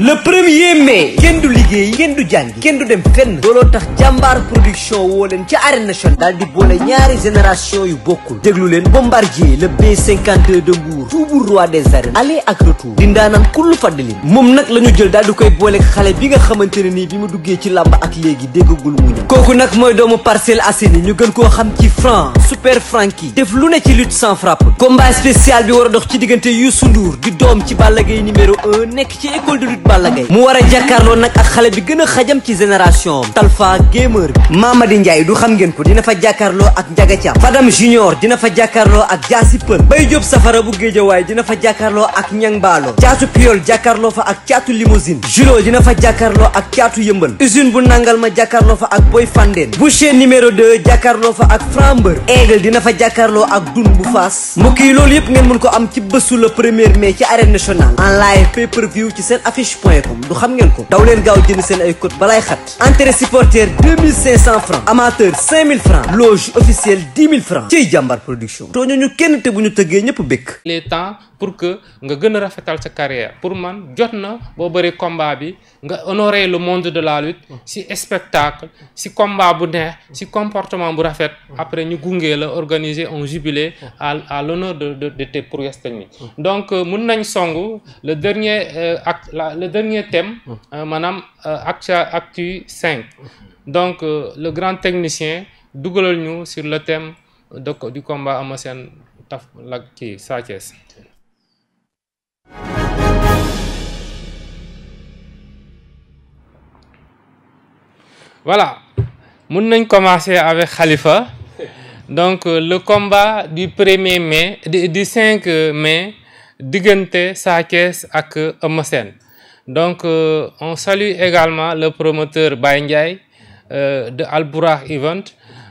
le premier mai kenn du liggéey kenn du jàngi kenn du dem fenn looloo tax jàmbaar production woo leen ca arène nationale daal di boole ñaari génération yu bokkul déglu leen bombardier le B52 de Mbour toujours roi des arènes aller ak retour di ndaanaan kullu faddalin moom nag la ñu jël daal di koy booleeg xale bi nga xamante ne nii bi mu duggee ci làmb ak léegi déggagul mu ñëw kooku nag mooy doomu Parcelles Assainies ñu gën koo xam ci franc super franki def lu ne ci lutte sans frappe combat spécial bi war a dox ci diggante Youssou Ndour di doom ci Balla Gaye nekk ci école Balla Gaye mu war a jàkkaarloo nag ak xale bi gën a xajam ci génération am Talfa Gamer bi di Ndiaye du xam ngeen ko dina fa jàkkaarloo ak Ndiaga Thiam Fadam Junior dina fa jàkkaarloo ak Jaasi Pël Bay Jóob Safara bu Géejawaay dina fa jàkkaarloo ak Ñang Baalo Caatu Piol jàkkaarloo fa ak Caatu Limousine Julo dina fa jàkkaarloo ak Caatu Yëmbal Usine bu Nangal ma jàkkaarloo fa ak Boy Fandeen Boucher numéro 2 jàkkaarloo fa ak Frambeur Aigle dina fa jàkkaarloo ak Dun bu Faas mbokk yi loolu yëpp ngeen mën ko am ci bésu le premier mai ci arène nationale point du xam ngeen ko daw leen gaaw jënd seen ay code balaay xat entrée supporter 2500 francs amateur 5000 francs loge officielle 10 000 francs production tooñu ñu kenn te bu ñu tëggee ñëpp békk le temps pour que nga gën a rafetal sa carrière pour man jot na boo bëree combat bi nga honorer le monde de la lutte ci spectacle ci combat bu neex ci comportement bu rafet après ñu gungee la organiser un jubilé à à l'honneur de de de tes prouesses donc euh, mun nañ song le dernier euh, act le dernier thème euh, maanaam actu actu cinq donc le grand technicien dugalal ñu sur le thème de du combat Ama Sène taf la ci Sa Thiès voilà mun nañ commencer avec xalifa donc euh, le combat du premier mai di 5 mai diggante Sa ak Eumeu Sène donc euh, on salue également le promoteur Baye Ndiaye euh, de Alburakh Event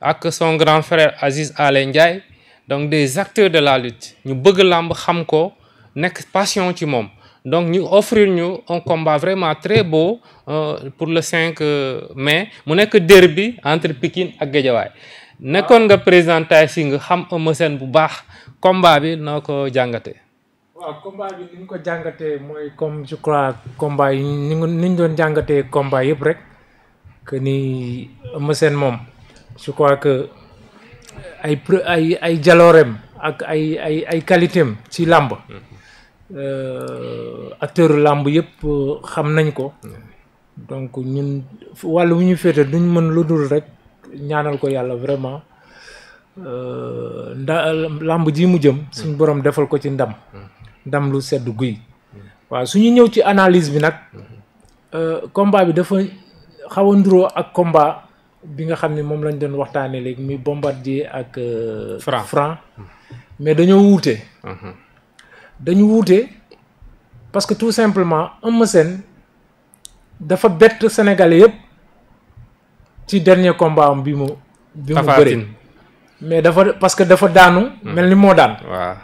ak son grand frère Aziz Ale Ndiaye donc des acteurs de la lutte ñu bëgg làmb xam ko nekk passion ci moom donc ñu offrir ñu un combat vraiment très beau euh, pour le 5 euh, mai mu nekk derby entre Pikine ak Guédiawaye nekkoon nga président Tay Shinger xam Eumeu Sène bu baax combat bi noo ko jàngate waaw combat bi ni ñu ko jàngatee mooy comme je crois combat yi ni ñu doon jàngatee combat yëpp rek que nii Eumeu Sène moom je crois que ay ay ay jalooreem ak ay ay ay qualitéem ci làmb mm-hmm. Euh, acteur làmb yëpp euh, xam nañ ko donc ñun wàllu wu ñu féete duñ mën lu dul rek ñaanal ko yàlla vraiment euh, nda làmb ji mu jëm suñ borom defal ko ci ndam ndam lu sedd guy waaw suñu ñëw ci analyse bi nag combat bi dafa xaw a ak combat bi nga xam ne moom lañ doon waxtaanee léegi muy bombat bombardier ak franc mais dañoo wuute dañu wuute parce que tout simplement Eumeu Sène dafa bett Sénégalais yëpp ci dernier combat bi mu bi mu bëri mais dafa parce que dafa daanu hmm. mel ni moo daan waaw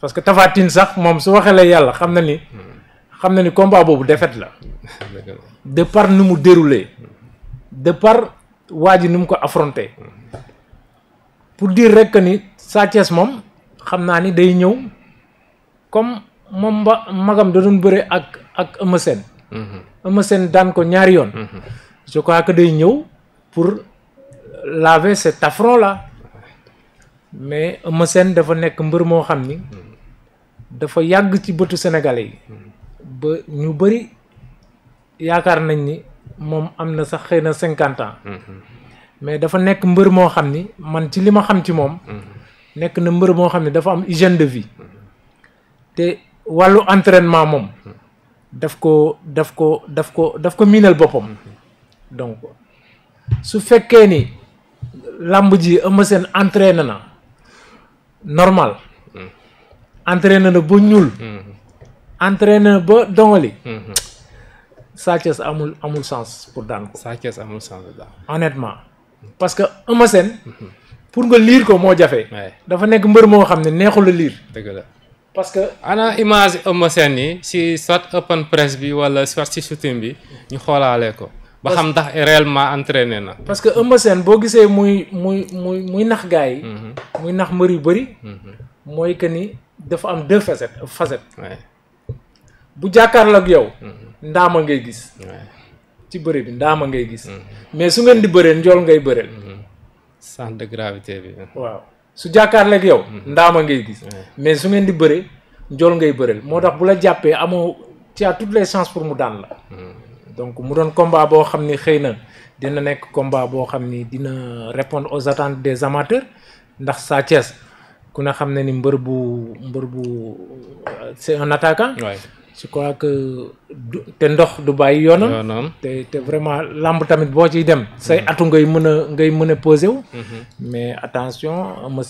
parce que tafatin sax moom su waxee la yàlla xam na ni hmm. xam na ni combat boobu défaite la de par nu mu déroulé de par waa ji nu mu ko affronté hmm. pour dire rek ni Sa moom xam naa ni day ñëw comme moom mba magam da doon bëre ak ak Eumeu Sène. Mhm. Eumeu daan ko ñaari yoon. Mhm. je crois que day ñëw pour laver cet affront là mais Eumeu dafa nekk mbër moo xam ni dafa yàgg ci bëtu sénégalais yi. Mhm. ñu bëri yaakaar nañ ni moom am na sax xëy na cinquante ans. mais dafa nekk mbër moo xam ni man ci li ma xam ci moom. nekk na mbër moo xam ni dafa am hygiène de vie. te wàllu entrainement moom daf ko daf ko daf ko daf ko miinal boppam donc su fekkee ni làmb ji Eumeu Sène entraîné na normal entraîné na ba ñuul entraîné na ba dongali Sa Thiès amul amul sens pour daan ko Sa Thiès amul sens pour honnêtement parce que Eumeu Sène pour nga liir ko moo jafe dafa nekk mbër moo xam ne neexul la liir dëgg la parce que ana image Eumeu Sène yi si soit open press bi wala soit si shooting bi ñu xoolaale ko. ba xam ndax réellement entraîné na. parce que Eumeu Sène boo gisee muy muy muy muy nax gars yi. Mhm. muy nax mbër yu bëri. Mhm. mooy que ni dafa am de facettes facettes. jàkkaar jàkkaarloog yow. Mhm. ndaama ngay gis. ci bëri bi ndaama ngay gis. mais su ngeen di bëree njool ngay bëreel. centre bi. waaw. su jàkkaar jàkkaarleeg yow. Mhm. ndaama ngay gis. mais su ngeen di bëre njool ngay bëreel moo tax bu la jàppee amoo ci as toutes les chances pour mu daan la. Mhm. donc mu doon combat boo xam ni xëy na dina nekk combat boo xam ni dina répondre aux attentes des amateurs ndax Sa Thiès ku ne xam ne ni mbër bu mbër bu c'est un je crois que te ndox du bàyyi yoonam te te vraiment làmb tamit boo ciy dem say mhm. atu ngay mën a ngay mën a posé wu mhm. attention Eumeu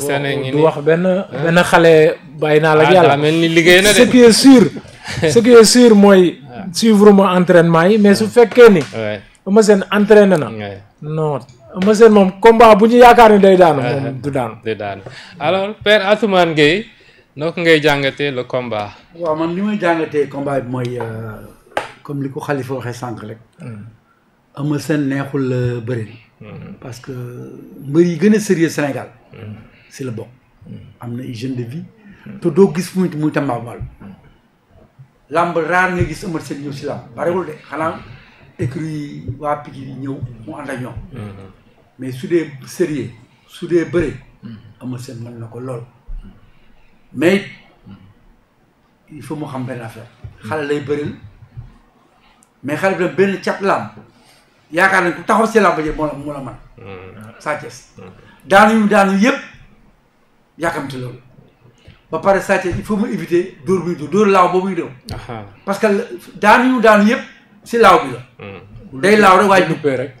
Sène du wax benn ah. benn xale bàyyi naa la ak ah, yàlla ni liggéey na de ce qui est sûr ce qui est sûr mooy ah. suivre ma entraînement yi mais su fekkee ni ma Sène entraîné na non Eumeu Sène moom combat bu ñu yaakaar ni day daanu moom du daanu noo ko ngay jàngatee la combat. waaw man li may jàngatee combat bi mooy euh, comme li ko Khalifa waxee sànq rek. Hmm. ama seen neexul euh, bëri. Hmm. parce que mbër yi gën a sérieux Sénégal. Hmm. si la bokk. am na hygiène de vie. te doo gis muy muy tambaabal. làmb raar nga gis Eumeu Sène ñëw si làmb barewul de xanaa écrit waa Pikine yi ñëw mu ànd ak ñoom mais su dee sérieux su dee bëre ama Sène mën na ko lool mais il faut mu xam benn affaire xale lay bëril mais xale bi benn cat laam yaakaar nañ ku taxaw si làmb ji moo la moo la man hmm. Sa Thiès daanuñu daanu yëpp yàkkamti loolu ba pare Sa Thiès il faut mu éviter dóor buy dóor dóor laaw boobu muy dóor parce que yu daanu yëpp si laaw bi la hmm. day laaw rek waaye duppee rek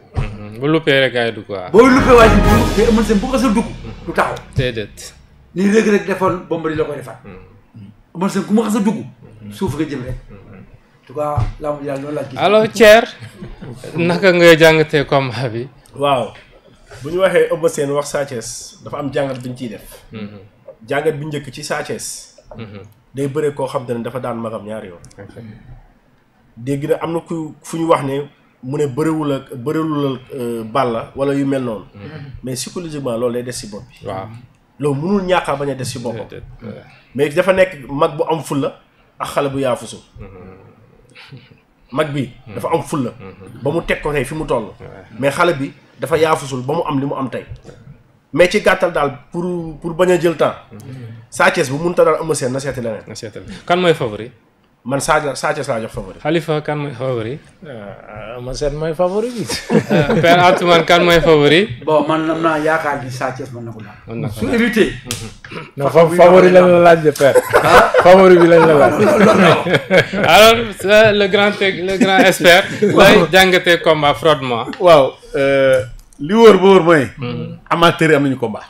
bu luppee rek hmm. ay dugg waaw booy luppee waaye dugg te Eumeu dugg du taxaw ni Reug Reug defoon Bombardier la koy defaat. Mm. Eumeu ku ma xas a dugg suuf nga jëm rek. en tout cas laa mujj daal noonu laa gis. alors Thier naka nga jàngatee combat bi. waaw bu ñu waxee Eumeu Sène wax Sa Thiès dafa am jàngat bi ñu ciy def. Mm-hmm. jàngat bi njëkk ci Sa Thiès. Mm-hmm. day bëre koo xam te ne dafa daan magam ñaari yoon. dégg na am na ku fu ñu wax ne mu ne bëriwul ak bëriwul ak euh, wala yu mel noonu. Mm-hmm. mais psychologiquement loolu lay des si bopp bi. waaw. loolu mënul ñàkk bañ a des ci boppam. mais dafa nekk mag bu am fulla ak xale bu yaafusu mag bi dafa am fulla ba mu teg ko tey fi mu toll. mais xale bi dafa yaafusul ba mu am li mu am tey. mais ci gàttal daal pour pour bañ a jël temps. Sa Thiès bu mënta daal am na seen na seeti leneen. na seeti leneen kan mooy favori. man Sadio Sadio laa jox favori. Khalifa kan mooy favori. Euh, man seet mooy favori bi. Euh, Père Atoumane kan mooy favori. bon man am naa yaakaar ni Sadio mën na ko daal. mën na ko daal su évité. non favori lañ la laaj de Père. Ah? favori bi lañ la laaj. alors le grand le grand expert. lay jàngatee combat froidement. waaw euh, li wóor ba wóor mooy. Hmm. amateurs yi am nañu combat.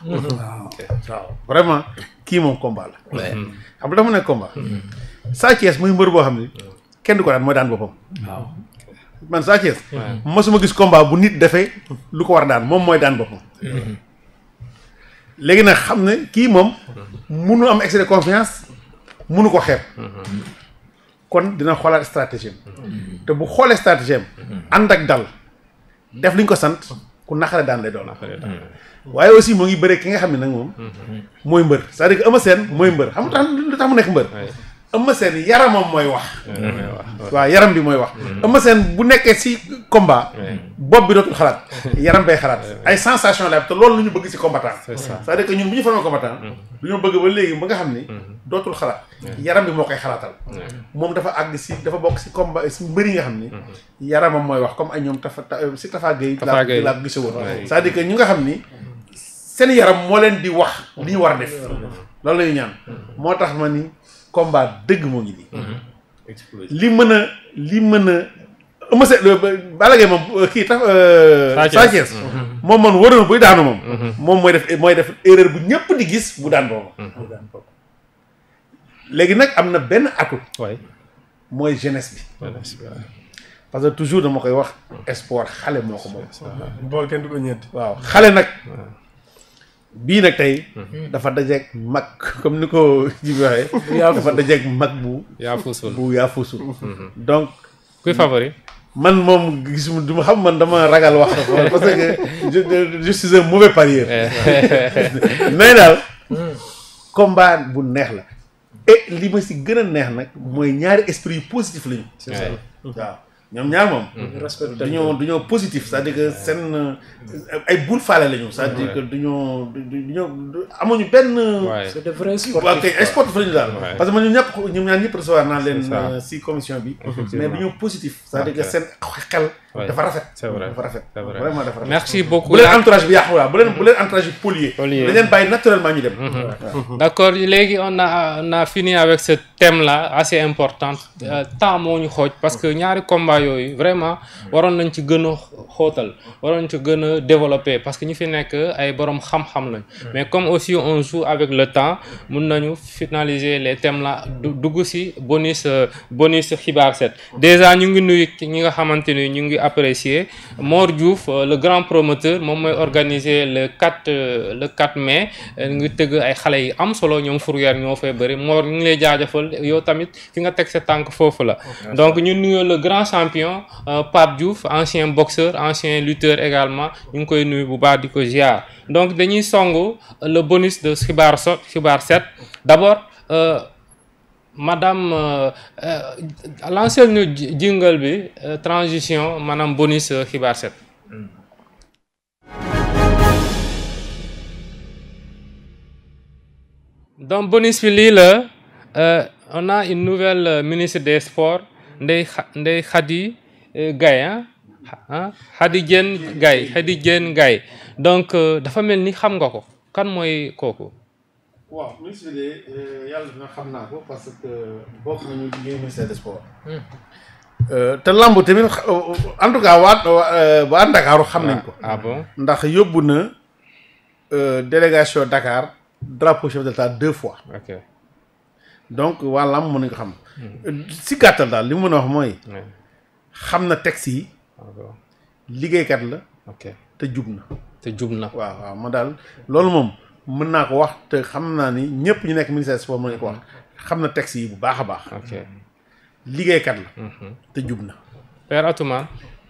waaw vraiment kii moom combat la. Mm-hmm. xam nga dafa nekk mm-hmm. Sa Thiès muy mbër boo xam ne mm-hmm. kenn du ko daan mooy daan boppam. waaw man Sa gis combat bu nit defee lu ko war daan moom mooy daan boppam. léegi nag xam ne kii moom munu am excès de confiance munu ko xeeb. kon dina xoolaat stratégie te bu xoolee stratégie ànd ak dal def li ko sant ku naqare daan lay doon. waaye aussi moo ngi bëree ki nga xam ne nag moom. mooy mbër c'est-à-dire que Eumeu Sène mooy mbër xam nga lu tax mu nekk mbër. Eumeu Sène yaramam mooy wax. waaw yaram bi mooy wax. Mm. Eumeu Sène bu nekkee si combat. bopp bi dootul xalaat. yaram bay xalaat ay la loolu la ñu bëgg si combattant. c'est ça c'est-à-dire que ñun mm. léegi ba nga xam ni. Mm. dootul xalaat. yaram bi moo koy xalaatal. moom dafa àgg si dafa bokk si combat si mbëri nga xam ni. Mm-hmm. yaramam mooy wax comme ay ñoom tafa euh, Tafa Gueye. Tafa Gueye la la gisee dire que ñu nga xam ni. seen yaram moo leen di wax li ñu war a def loolu la ñaan mm-hmm. moo tax ma ni combat dëgg moo ngi nii mm-hmm. li mën a li mën a Eumeu Sène Balla Gaye moom euh, kii tax euh, Sa Thiès mm-hmm. moom man wóor na buy moom moom mooy def mooy def erreur bu ñëpp di gis bu daan booba léegi nag am na benn atout mooy jeunesse bi parce que toujours dama koy wax espoir xale moo ko moom bool waaw xale nag bii nag tey. Hmm. dafa dajeeg mag comme ni ko ji bi waxee. dafa dajeeg mag bu. yaafusul bu hmm. donc. kuy favori. man moom gis mu du xam man dama ragal wax parce que je je suis un mauvais parieur. Eh. mais daal. Hmm. bu neex la. et li ma si gën a neex nag mooy ñaari esprit yu positif lañu. waaw. ñoom ñaar moom. respect mm-hmm. dañoo dañoo positif c'est-à-dire que seen euh, ay bul faale la sa c'est-à-dire que dañoo dañoo amuñu benn. c'est de la ñu daal. parce que man ñun ñëpp ñoom ñaar ñëpp recevoir naa leen. Euh, si commission bi. mais dañoo positif. c'est-à-dire seen xel. dafa rafet dafa rafet vraiment dafa rafet merci beaucoup bu leen entourage bi yàqu bu leen bu leen entourage bi polier dañ leen bàyyi naturellement ñu dem mhm. d'accord léegi on a on a fini avec ce thème là assez important euh, temps moo ñu xooj parce que ñaari combat yooyu vraiment waroon nañ ci gën a xóotal waroon ci gën a développer parce que ñu fi nekk ay borom xam-xam lañ mais comme aussi on joue avec le temps mun nañu finaliser les thèmes là dugg si bonus euh, bonus xibaar set déjà ñu ngi nuyu ñi nga xamante ni ñu ngi apprécier Mor Diouf euh, le grand promoteur moom mooy organiser le 4 euh, le 4 mais euh, ngi tëgg ay xale yi am solo ñoom fourrière ñoo fay bëri moor ñu ngi lay jaajëfal yow tamit fi nga teg sa tànk foofu la donc ñu nuyoo le grand champion Pape Diouf ancien boxeur ancien lutteur également ñu ngi koy nuyu bu baax di ko ziar donc dañuy song le bonus de xibaar so xibaar set d'abord madame euh, euh ñu jingle bi euh, transition maanaam bonus euh, xibaar set mm. donc bonus bi lii la euh, on a une nouvelle ministre des sports Ndeye Ndeye Khady Gaye ah Khady Diène Gaye Khady Gaye donc dafa mel ni xam nga ko kan mooy kooku waaw ministre bi euh, xam naa parce que bokk nañu liggéey ministère hmm. euh, te lamb tamit euh, en tout cas waa waa Ndakaaru xam nañ ko. ah, ah ndax yóbbu na délégation Dakar drapeau chef de l'État deux fois. ok donc waa lamb mënuñ ko xam. Hmm. si gàttal daal li mu mën a wax mooy. Hmm. xam na texte yi. Ah, liggéeykat la. te jub na. te jub na waaw waaw ma daal loolu moom. mën naa ko wax te xam naa ni ñëpp ñu nekk ministère sport mën nañu ko wax xam na texte yi bu baax a baax. liggéeykat la. Mhm. te jub na. Père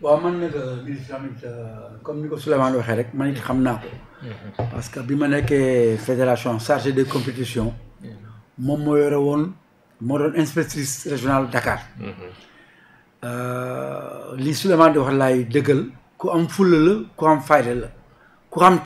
waaw man nag euh, ministre euh, am comme ni ko Souleymane waxee rek ma it xam naa ko. Mhm. parce que bi ma nekkee fédération chargée des compétitions. Mhm. moom moo yore woon moo doon inspectrice régionale Dakar. Euh, li Souleymane di wax laay dëggal ku am fulla la ku am fayda la ku am.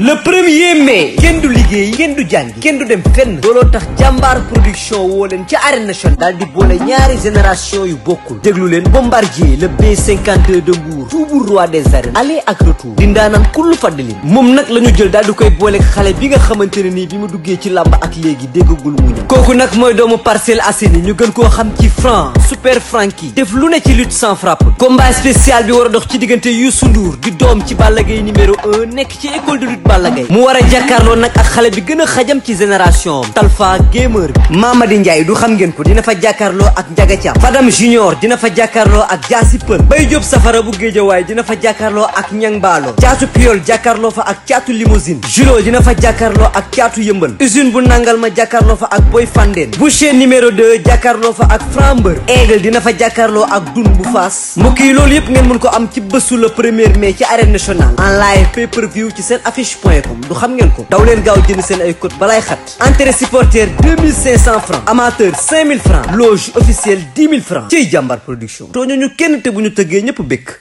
le premier mai kenn du liggéey kenn du jàngi kenn du dem fenn looloo tax jàmbaar production woo leen ca arène nationale daal di boole ñaari génération yu bokkul déglu leen bombardier le B52 de Mbour toujours roi des arènes aller ak retour di ndaanaan kullu faddalin moom nag la ñu jël daal di koy booleeg xale bi nga xamante ne nii bi mu duggee ci làmb ak léegi déggagul mu ñëw kooku nag mooy doomu Parcelles Assainies ñu gën koo xam ci franc super franki def lu ne ci lutte sans frappe combat spécial bi war dox ci diggante Youssou Ndour di doom ci Balla Gaye numéro nekk ci école de Balla Gaye mu war a jàkkaarloo nag ak xale bi gën a xajam ci génération am Talfa Gamer bi Mamadi Ndiaye du xam ngeen ko dina fa jàkkaarloo ak Ndiaga Thiam Fadam Junior dina fa jàkkaarloo ak Jaasi Pël Bay Jóob Safara bu Géejawaay dina fa jàkkaarloo ak Ñang Baalo Caatu Piol jàkkaarloo fa ak Caatu Limousine Julo dina fa jàkkaarloo ak Caatu Yëmbal Usine bu Nangal ma jàkkaarloo fa ak Boy Fandeen Boucher numéro 2 jàkkaarloo fa ak Frambeur Aigle dina fa jàkkaarloo ak Dun bu Faas mbokk yi loolu yëpp ngeen mën ko am ci bésu le premier mai ci arène nationale en live point com du ngeen ko daw leen gaaw jënd seen ay code balaay xat entrée supporter 2500 francs amateur 5000 francs loge officielle francs ciy jàmbaar production tooñu ñu kenn te bu ñu tëggee ñëpp békk